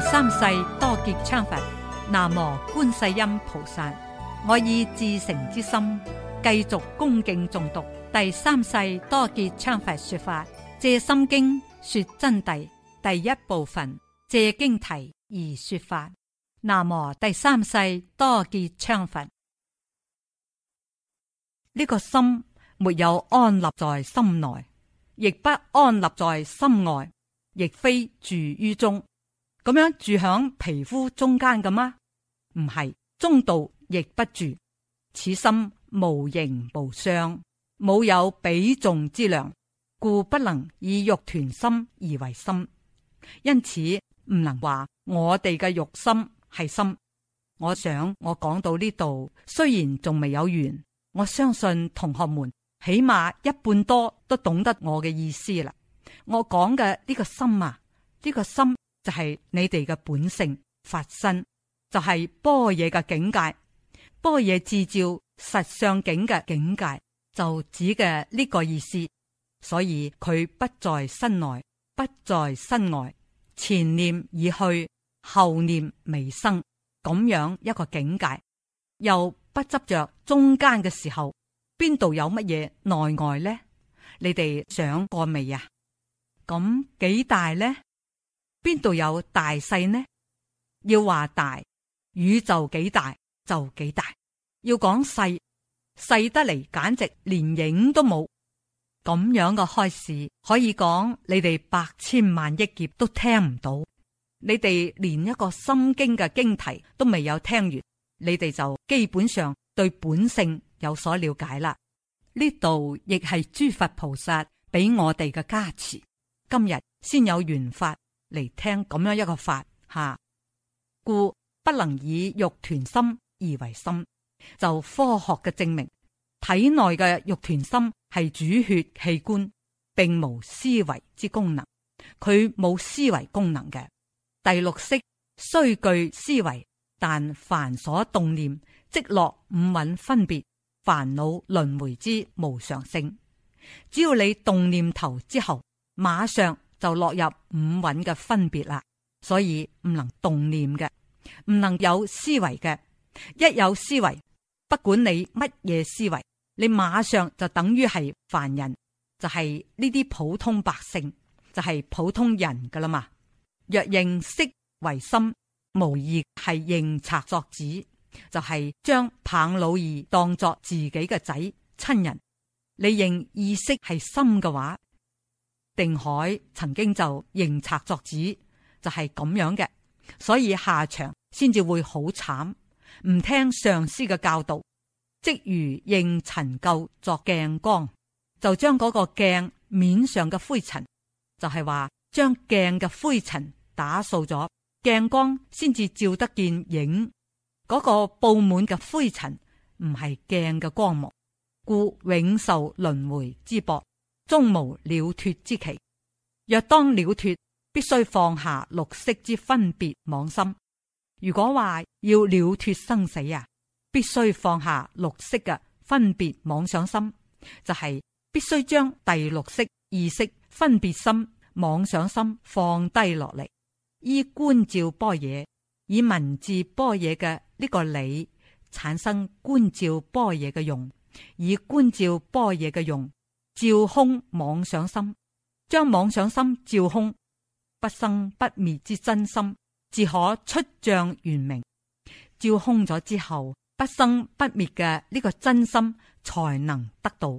第三世多杰羌佛，南無觀世音菩薩。我以至誠之心繼續恭敬誦讀第三世多杰羌佛說法《藉心經》說真諦第一部分《藉經題》而說法。南無第三世多杰羌佛。呢個心沒有安立在心內，亦不安立在心外，亦非住於中。咁樣住響皮膚中間咁啊？唔係中度亦不住，此心無形無相，冇有比重之量，故不能以肉團心而為心。因此唔能話我哋嘅肉心係心。我想我講到呢度，雖然仲未有完，我相信同學們起碼一半多都懂得我嘅意思啦。我講嘅呢個心啊，呢個心。就係你哋嘅本性，法身就係般若嘅境界，般若自照實相境嘅境界，就指嘅呢個意思。所以佢不在身內，不在身外，前念已去，後念未生，咁樣一個境界，又不執着中間嘅時候，邊度有乜嘢內外呢？你哋想過未啊？咁幾大呢？邊度有大細呢？要話大，宇宙幾大就幾大，要講細細得嚟，簡直連影都冇。咁樣嘅開示，可以講，你哋百千萬億劫都聽唔到，你哋連一個心經嘅經題都未有聽完，你哋就基本上對本性有所了解啦。呢度亦係諸佛菩薩俾我哋嘅加持，今日先有緣法。嚟聽咁樣一個法，吓，故不能以肉團心而為心，就科學嘅證明，體內嘅肉團心係主血器官，並無思維之功能，佢冇思維功能嘅。第六識雖具思維，但凡所動念，即落五蘊分別煩惱輪迴之無常性。只要你動念頭之後，馬上。就落入五蘊嘅分別啦，所以唔能動念嘅，唔能有思維嘅。一有思維，不管你乜嘢思維，你馬上就等於係凡人，就係呢啲普通百姓，就係、是、普通人噶啦嘛。若認識為心，無疑係認賊作子，就係將棒老二當作自己嘅仔親人。你認意識係心嘅話。定海曾經就認賊作子，就係咁樣嘅，所以下場先至會好慘。唔聽上師嘅教導，即如認塵垢作鏡光，就將嗰個鏡面上嘅灰塵，就係話將鏡嘅灰塵打掃咗，鏡光先至照得見影。嗰個布滿嘅灰塵唔係鏡嘅光芒，故永受輪回之薄。終無了脫之期。若當了脫，必須放下六識之分別妄心。如果話要了脫生死啊，必須放下六識嘅分別妄想心，就係、是、必須將第六識意識分別心妄想心放低落嚟，依觀照般若，以文字般若嘅呢個理產生觀照般若嘅用，以觀照般若嘅用。照空妄想心，將妄想心照空，不生不滅之真心，自可出障圓明。照空咗之後，不生不滅嘅呢個真心，才能得到，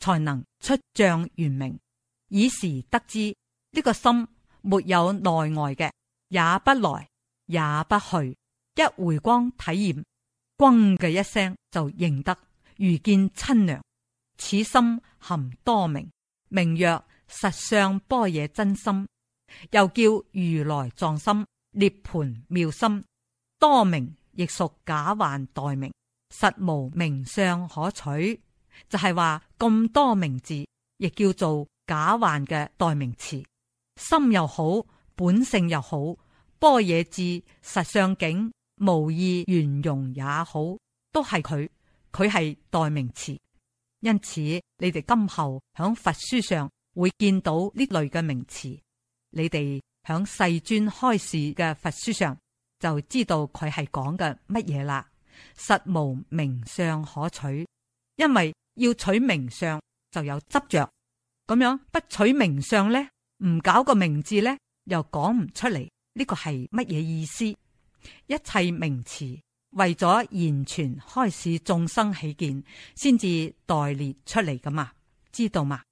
才能出障圓明。以時得知呢、這個心沒有內外嘅，也不來也不去，一回光體驗，轟嘅一聲就認得，如見親娘。此心含多名，名曰實相般若真心，又叫如來藏心、涅槃妙心。多名亦屬假幻代名，實無名相可取。就係、是、話咁多名字，亦叫做假幻嘅代名詞。心又好，本性又好，般若智實相境無義圓融也好，都係佢，佢係代名詞。因此，你哋今後喺佛書上會見到呢類嘅名詞，你哋喺世尊開始嘅佛書上就知道佢係講嘅乜嘢啦。實無名相可取，因為要取名相就有執着，咁樣不取名相呢，唔搞個名字呢，又講唔出嚟。呢個係乜嘢意思？一切名詞。為咗完全開始眾生起見，先至代列出嚟㗎嘛？知道嘛？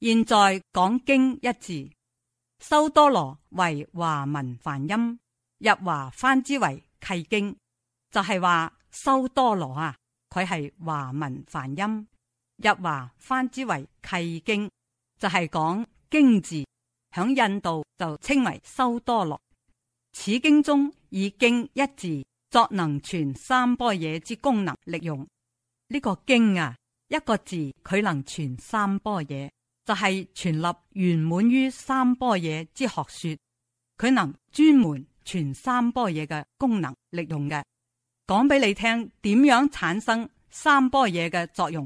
現在講經一字，修多羅為華文梵音，入華翻之為契經，就係、是、話修多羅啊，佢係華文梵音，入華翻之為契經，就係、是、講經字，響印度就稱為修多羅，此經中以經一字。作能傳三波嘢之功能利用呢、這個經啊，一個字佢能傳三波嘢，就係、是、傳立圓滿於三波嘢之學說，佢能專門傳三波嘢嘅功能利用嘅，講俾你聽點樣產生三波嘢嘅作用。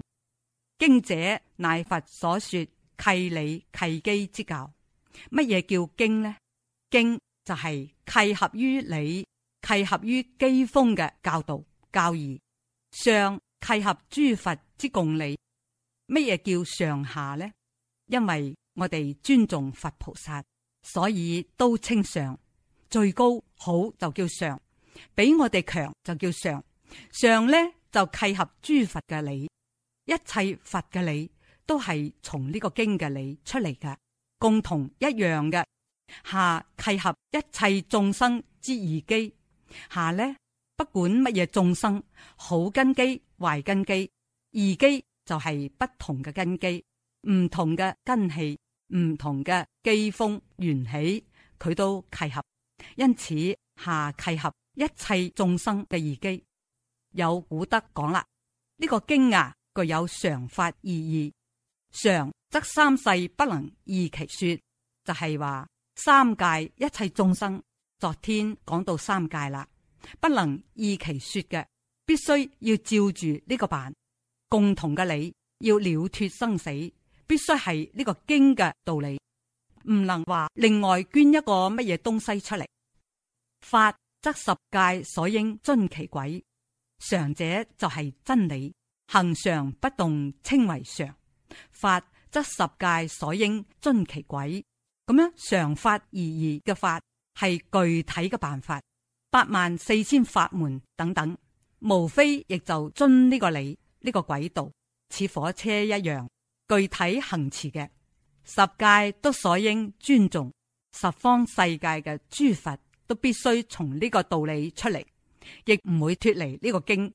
經者乃佛所說契理契機之教。乜嘢叫經呢？經就係契合於理。契合於基風嘅教導教義，上契合諸佛之共理。乜嘢叫上下呢？因為我哋尊重佛菩薩，所以都稱上最高好，就叫上，比我哋強就叫上。上呢就契合諸佛嘅理，一切佛嘅理都係從呢個經嘅理出嚟嘅，共同一樣嘅。下契合一切眾生之疑機。下呢，不管乜嘢眾生，好根基、壞根基、異基就係不同嘅根基，唔同嘅根氣、唔同嘅機風緣起，佢都契合。因此下契合一切眾生嘅異基。有古德講啦，呢、這個經啊具有常法意義，常則三世不能二其說，就係、是、話三界一切眾生。昨天講到三界啦，不能依其說嘅，必須要照住呢個辦。共同嘅理要了脫生死，必須係呢個經嘅道理，唔能話另外捐一個乜嘢東西出嚟。法則十界所應遵其軌，常者就係真理，行常不動稱為常。法則十界所應遵其軌。咁樣常法而二嘅法。係具體嘅辦法，八萬四千法門等等，無非亦就遵呢個理、呢個軌道，似火車一樣具體行持嘅。十界都所應尊重，十方世界嘅諸佛都必須從呢個道理出嚟，亦唔會脫離呢個經。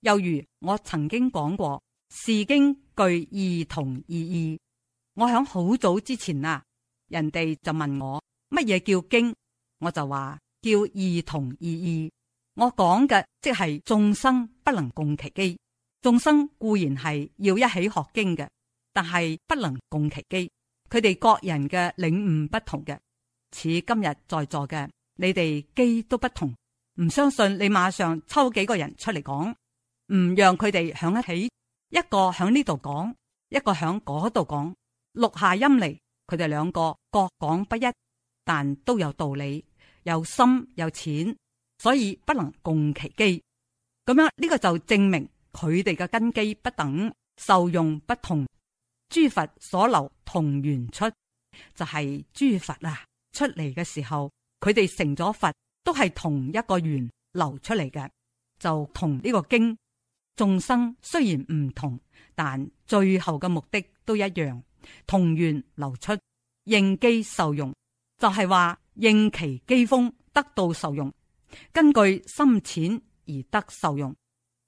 又如我曾經講過，是經具異同異義。我響好早之前啊，人哋就問我乜嘢叫經。我就話叫異同異異，我講嘅即係眾生不能共其機。眾生固然係要一起學經嘅，但係不能共其機。佢哋各人嘅領悟不同嘅，似今日在座嘅你哋機都不同。唔相信你馬上抽幾個人出嚟講，唔讓佢哋響一起，一個響呢度講，一個響嗰度講，錄下音嚟，佢哋兩個各講不一，但都有道理。有心有錢，所以不能共其機。咁樣呢個就證明佢哋嘅根基不等，受用不同。諸佛所留同源出，就係諸佛啊出嚟嘅時候，佢哋成咗佛，都係同一個源流出嚟嘅。就同呢個經，眾生雖然唔同，但最後嘅目的都一樣，同源流出，應機受用，就係話。應其機鋒，得到受用。根據深淺而得受用，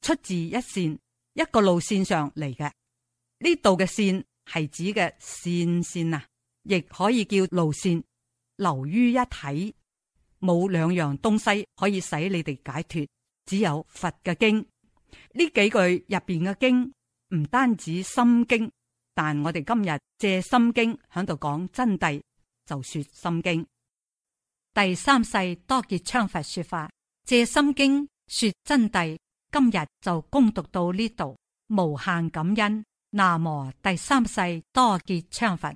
出自一綫一個路綫上嚟嘅。呢度嘅綫係指嘅綫綫啊，亦可以叫路綫。流於一體，冇兩樣東西可以使你哋解脱，只有佛嘅經。呢幾句入邊嘅經唔單止心經，但我哋今日借心經喺度講真諦，就說心經。第三世多杰羌佛說法，借心經說真諦，今日就恭讀到呢度，無限感恩。那麼第三世多杰羌佛。